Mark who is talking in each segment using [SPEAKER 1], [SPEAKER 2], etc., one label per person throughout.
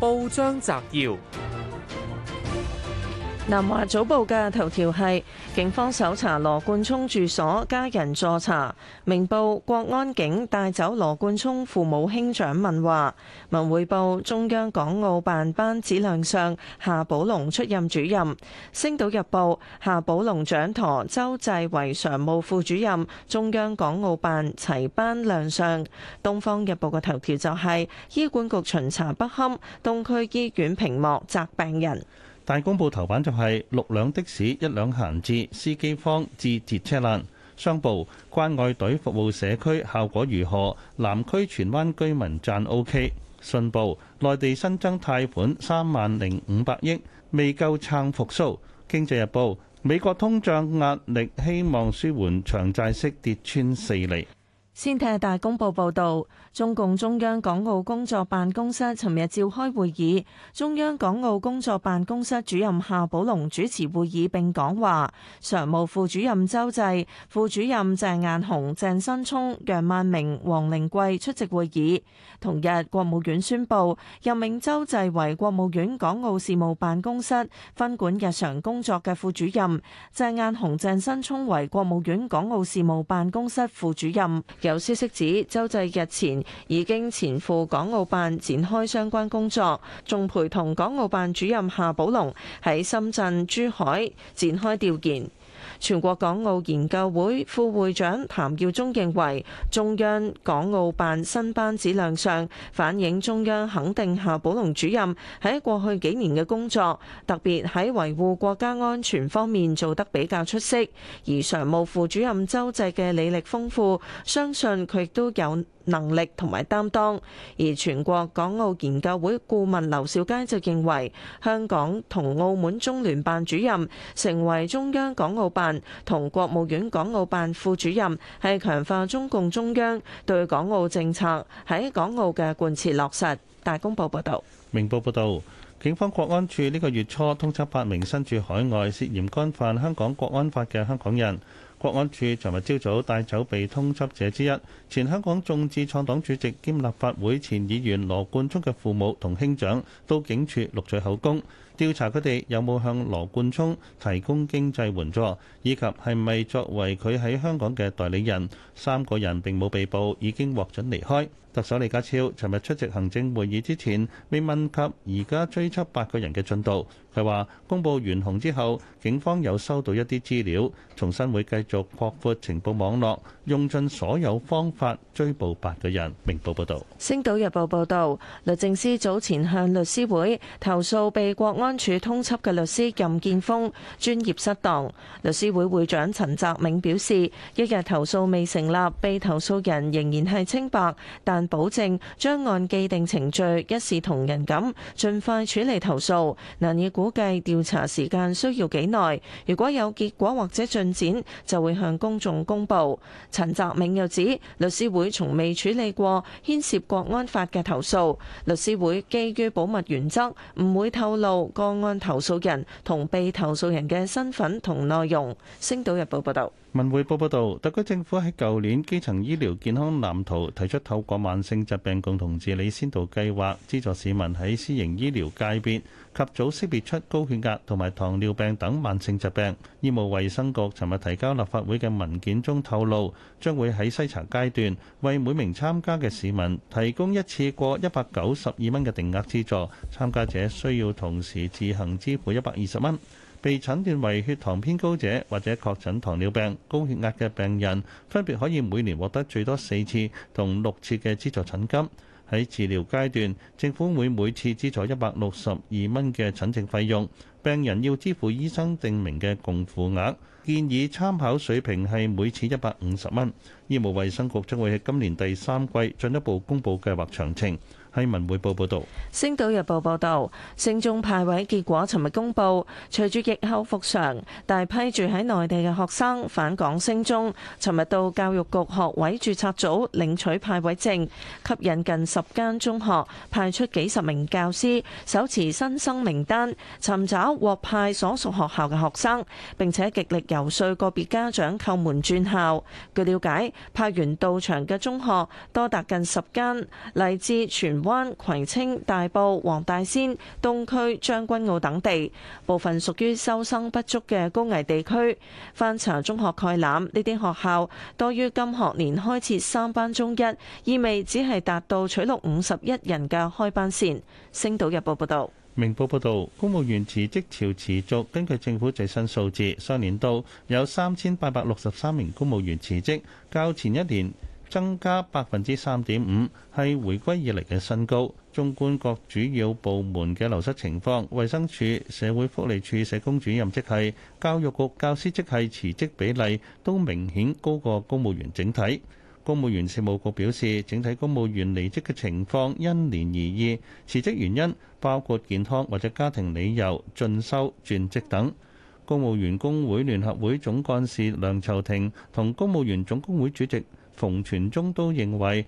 [SPEAKER 1] 報章摘要。南華早報嘅頭條係警方搜查羅冠聰住所，家人助查。明報國安警帶走羅冠聰父母兄長問話。文匯報中央港澳辦班子亮相，夏寶龍出任主任。星島日報夏寶龍掌舵，周濟為常務副主任，中央港澳辦齊班亮相。東方日報嘅頭條就係、是、醫管局巡查不堪，東區醫院屏幕砸病人。
[SPEAKER 2] 大公報頭版就係六輛的士一輛閒置，司機方自截車難。商報關愛隊服務社區效果如何？南區荃灣居民讚 O K。信報內地新增貸款三萬零五百億，未夠撐復甦。經濟日報美國通脹壓力希望舒緩，長債息跌穿四厘。
[SPEAKER 1] 先睇下大公報報導，中共中央港澳工作辦公室尋日召開會議，中央港澳工作辦公室主任夏寶龍主持會議並講話，常務副主任周濟、副主任鄭雁雄、鄭新聰、楊萬明、王靈桂出席會議。同日，國務院宣布任命周濟為國務院港澳事務辦公室分管日常工作嘅副主任，鄭雁雄、鄭新聰為國務院港澳事務辦公室副主任。有消息指，周濟日前已經前赴港澳辦展開相關工作，仲陪同港澳辦主任夏寶龍喺深圳、珠海展開調研。全國港澳研究會副會長譚耀宗認為，中央港澳辦新班子亮相，反映中央肯定夏寶龍主任喺過去幾年嘅工作，特別喺維護國家安全方面做得比較出色，而常務副主任周濟嘅履歷豐富，相信佢亦都有能力同埋擔當，而全國港澳研究會顧問劉兆佳就認為，香港同澳門中聯辦主任成為中央港澳辦同國務院港澳辦副主任，係強化中共中央對港澳政策喺港澳嘅貫徹落實。大公報報導，
[SPEAKER 2] 明報報導。警方國安處呢個月初通緝八名身處海外涉嫌干犯香港國安法嘅香港人，國安處尋日朝早帶走被通緝者之一前香港眾志創黨主席兼立法會前議員羅冠聰嘅父母同兄長到警署錄取口供，調查佢哋有冇向羅冠聰提供經濟援助，以及係咪作為佢喺香港嘅代理人。三個人並冇被捕，已經獲准離開。特首李家超尋日出席行政會議之前，未問及而家追緝八個人嘅進度。佢話公布完紅之後，警方有收到一啲資料，重新會繼續擴闊情報網絡，用盡所有方法追捕八個人。明報報道。
[SPEAKER 1] 星島日報報道，律政司早前向律師會投訴被國安處通緝嘅律師任建峰專業失當。律師會會長陳澤銘表示，一日投訴未成立，被投訴人仍然係清白，但保證將按既定程序一視同仁咁，盡快處理投訴難以估計調查時間需要幾耐？如果有結果或者進展，就會向公眾公布。陳澤銘又指，律師會從未處理過牽涉國安法嘅投訴。律師會基於保密原則，唔會透露個案投訴人同被投訴人嘅身份同內容。《星島日報》報道。
[SPEAKER 2] 文匯報報道，特區政府喺舊年基層醫療健康藍圖提出透過慢性疾病共同治理先導計劃，資助市民喺私營醫療界別。及早識別出高血壓同埋糖尿病等慢性疾病，醫務衛生局尋日提交立法會嘅文件中透露，將會喺篩查階段為每名參加嘅市民提供一次過一百九十二蚊嘅定額資助，參加者需要同時自行支付一百二十蚊。被診斷為血糖偏高者或者確診糖尿病、高血壓嘅病人，分別可以每年獲得最多四次同六次嘅資助診金。喺治療階段，政府會每次資助一百六十二蚊嘅診症費用，病人要支付醫生證明嘅共付額，建議參考水平係每次一百五十蚊。醫務衛生局將會喺今年第三季進一步公布計劃詳情。《文匯報》報道，
[SPEAKER 1] 《星島日報》報道，升中派位結果尋日公布，隨住疫後復常，大批住喺內地嘅學生返港升中，尋日到教育局學位注冊組領取派位證，吸引近十間中學派出幾十名教師，手持新生名單，尋找獲派所屬學校嘅學生，並且極力游說個別家長叩門轉校。據了解，派完到場嘅中學多達近十間，嚟自全灣、葵青、大埔、黃大仙、東區、將軍澳等地，部分屬於收生不足嘅高危地區。翻查中學概覽，呢啲學校多於今學年開設三班中一，意味只係達到取錄五十一人嘅開班線。星島日報報道。
[SPEAKER 2] 明報報道，公務員辭職潮持續。根據政府最新數字，上年度有三千八百六十三名公務員辭職，較前一年。增加百分之三點五，係回歸以嚟嘅新高。縱觀各主要部門嘅流失情況，衛生署、社會福利署、社工主任職系、教育局教師職系辭職比例都明顯高過公務員整體。公務員事務局表示，整體公務員離職嘅情況因年而異，辭職原因包括健康或者家庭理由、進修轉職等。公務員工會聯合會總幹事梁籌庭同公務員總工會主席。馮全忠都認為，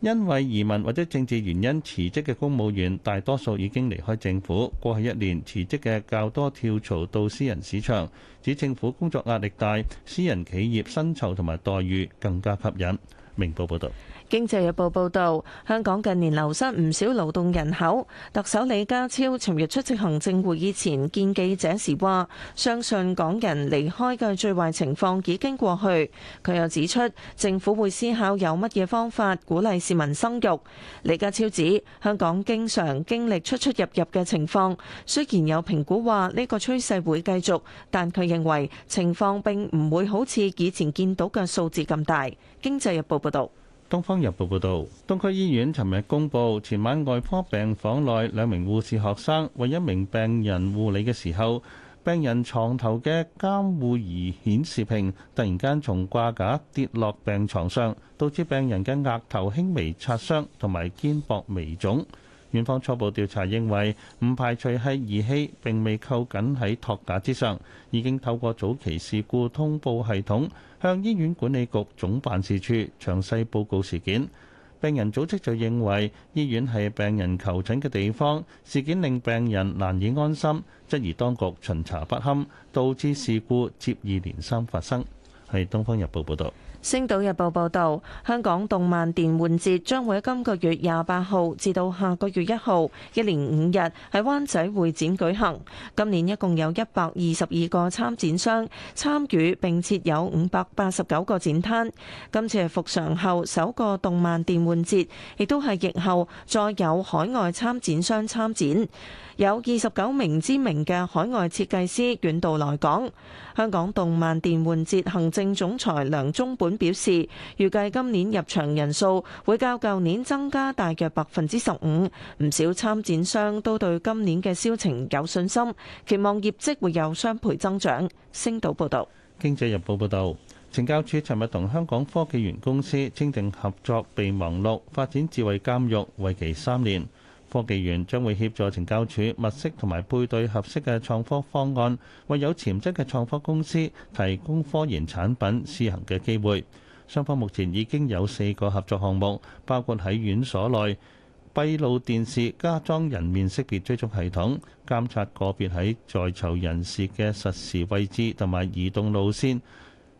[SPEAKER 2] 因為移民或者政治原因辭職嘅公務員大多數已經離開政府。過去一年辭職嘅較多跳槽到私人市場，指政府工作壓力大，私人企業薪酬同埋待遇更加吸引。明報報道。
[SPEAKER 1] 《經濟日報》報導，香港近年流失唔少勞動人口。特首李家超尋日出席行政會議前見記者時話：相信港人離開嘅最壞情況已經過去。佢又指出，政府會思考有乜嘢方法鼓勵市民生育。李家超指，香港經常經歷出出入入嘅情況，雖然有評估話呢個趨勢會繼續，但佢認為情況並唔會好似以前見到嘅數字咁大。《經濟日報》報導。
[SPEAKER 2] 《東方日報》報導，東區醫院尋日公布，前晚外科病房內兩名護士學生為一名病人護理嘅時候，病人床頭嘅監護儀顯示屏突然間從掛架跌落病床上，導致病人嘅額頭輕微擦傷，同埋肩膊微腫。院方初步調查認為，唔排除係儀器並未扣緊喺托架之上，已經透過早期事故通報系統向醫院管理局總辦事處詳細報告事件。病人組織就認為，醫院係病人求診嘅地方，事件令病人難以安心，質疑當局巡查不堪，導致事故接二連三發生。係《東方日報》報導。
[SPEAKER 1] 《星島日報》報導，香港動漫電玩節將會喺今個月廿八號至到下個月一號，一連五日喺灣仔會展舉行。今年一共有一百二十二個參展商參與，並設有五百八十九個展攤。今次係復常後首個動漫電玩節，亦都係疫後再有海外參展商參展，有二十九名知名嘅海外設計師遠道來港。香港動漫電玩節行政總裁梁中本表示，預計今年入場人數會較舊年增加大約百分之十五，唔少參展商都對今年嘅銷情有信心，期望業績會有雙倍增長。星島報道，
[SPEAKER 2] 《經濟日報》報道，懲教署尋日同香港科技園公司簽訂合作備忘錄，發展智慧監獄，為期三年。科技園將會協助懲教署物色同埋配對合適嘅創科方案，為有潛質嘅創科公司提供科研產品試行嘅機會。雙方目前已經有四個合作項目，包括喺院所內閉路電視加裝人面識別追蹤系統，監察個別喺在，在囚人士嘅實時位置同埋移動路線，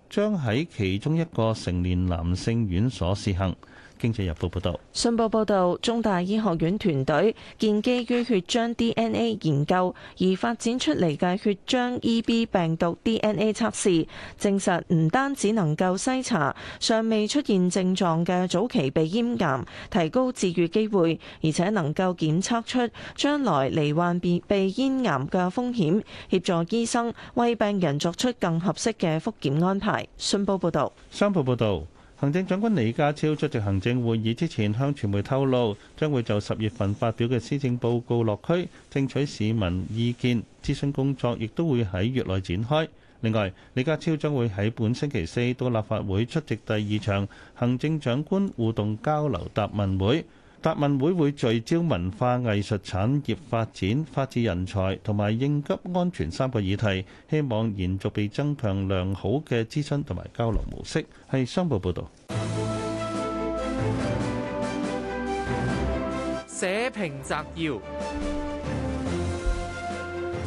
[SPEAKER 2] 將喺其中一個成年男性院所試行。經濟日報報道，
[SPEAKER 1] 信報報道，中大醫學院團隊建基於血漿 DNA 研究而發展出嚟嘅血漿 EB 病毒 DNA 測試，證實唔單只能夠篩查尚未出現症狀嘅早期鼻咽癌，提高治愈機會，而且能夠檢測出將來罹患鼻鼻咽癌嘅風險，協助醫生為病人作出更合適嘅複檢安排。信報報道，
[SPEAKER 2] 商報報道。行政長官李家超出席行政會議之前，向傳媒透露，將會就十月份發表嘅施政報告落區，聽取市民意見，諮詢工作，亦都會喺月內展開。另外，李家超將會喺本星期四到立法會出席第二場行政長官互動交流答問會。答問會會聚焦文化藝術產業發展、法治人才同埋應急安全三個議題，希望延續被增強良好嘅諮詢同埋交流模式。係商報報導。
[SPEAKER 1] 社評摘要。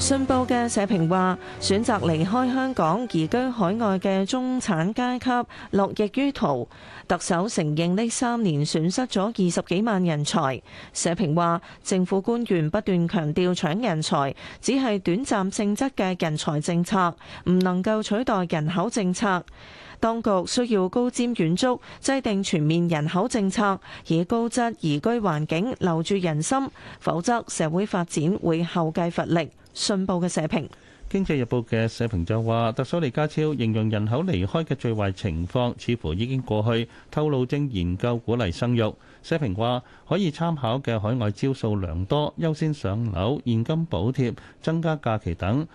[SPEAKER 1] 信報嘅社評話，選擇離開香港移居海外嘅中產階級絡繹於途。特首承認呢三年損失咗二十幾萬人才。社評話，政府官員不斷強調搶人才，只係短暫性質嘅人才政策，唔能夠取代人口政策。當局需要高瞻遠矚，制定全面人口政策，以高質移居環境留住人心，否則社會發展會後繼乏力。信報嘅社評，
[SPEAKER 2] 《經濟日報》嘅社評就話，特首李家超形容人口離開嘅最壞情況似乎已經過去，透露正研究鼓勵生育。社評話，可以參考嘅海外招數良多，優先上樓、現金補貼、增加假期等，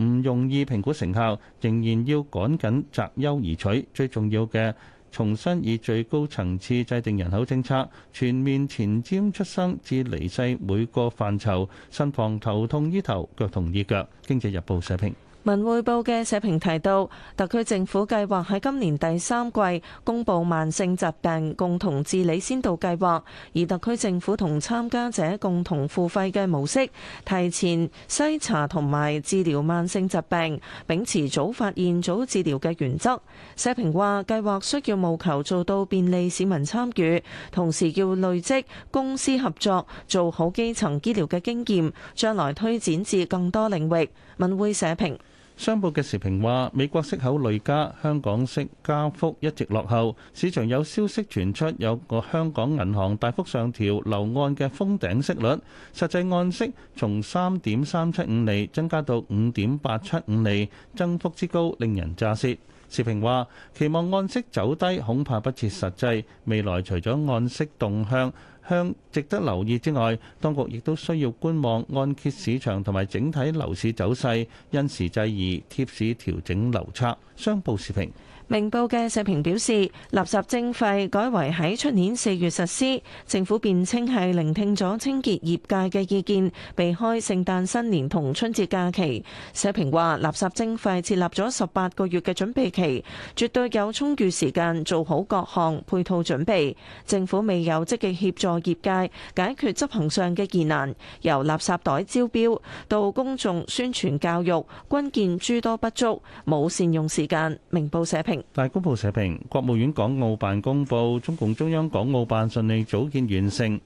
[SPEAKER 2] 唔容易評估成效，仍然要趕緊擇優而取，最重要嘅，重新以最高層次制定人口政策，全面前瞻出生至離世每個範疇，慎防頭痛醫頭，腳痛醫腳。經濟日報社評。
[SPEAKER 1] 文匯報嘅社評提到，特區政府計劃喺今年第三季公布慢性疾病共同治理先導計劃，而特區政府同參加者共同付費嘅模式，提前篩查同埋治療慢性疾病，秉持早發現、早治療嘅原則。社評話，計劃需要務求做到便利市民參與，同時要累積公私合作做好基層醫療嘅經驗，將來推展至更多領域。文匯社評。
[SPEAKER 2] 商報嘅時評話：美國息口累加，香港息加幅一直落後。市場有消息傳出，有個香港銀行大幅上調樓按嘅封頂息率，實際按息從三點三七五厘增加到五點八七五厘，增幅之高令人咋舌。時評話：期望按息走低恐怕不切實際。未來除咗按息動向向值得留意之外，當局亦都需要觀望按揭市場同埋整體樓市走勢，因時制宜貼市調整樓策。商報時評。
[SPEAKER 1] 明報嘅社評表示，垃圾徵費改為喺出年四月實施，政府辯稱係聆聽咗清潔業界嘅意見，避開聖誕新年同春節假期。社評話，垃圾徵費設立咗十八個月嘅準備期，絕對有充裕時間做好各項配套準備。政府未有積極協助業界解決執行上嘅疑難，由垃圾袋招標到公眾宣傳教育，均見諸多不足，冇善用時間。明報社評。
[SPEAKER 2] 大公報社評，國務院港澳辦公布，中共中央港澳辦順利組建完成。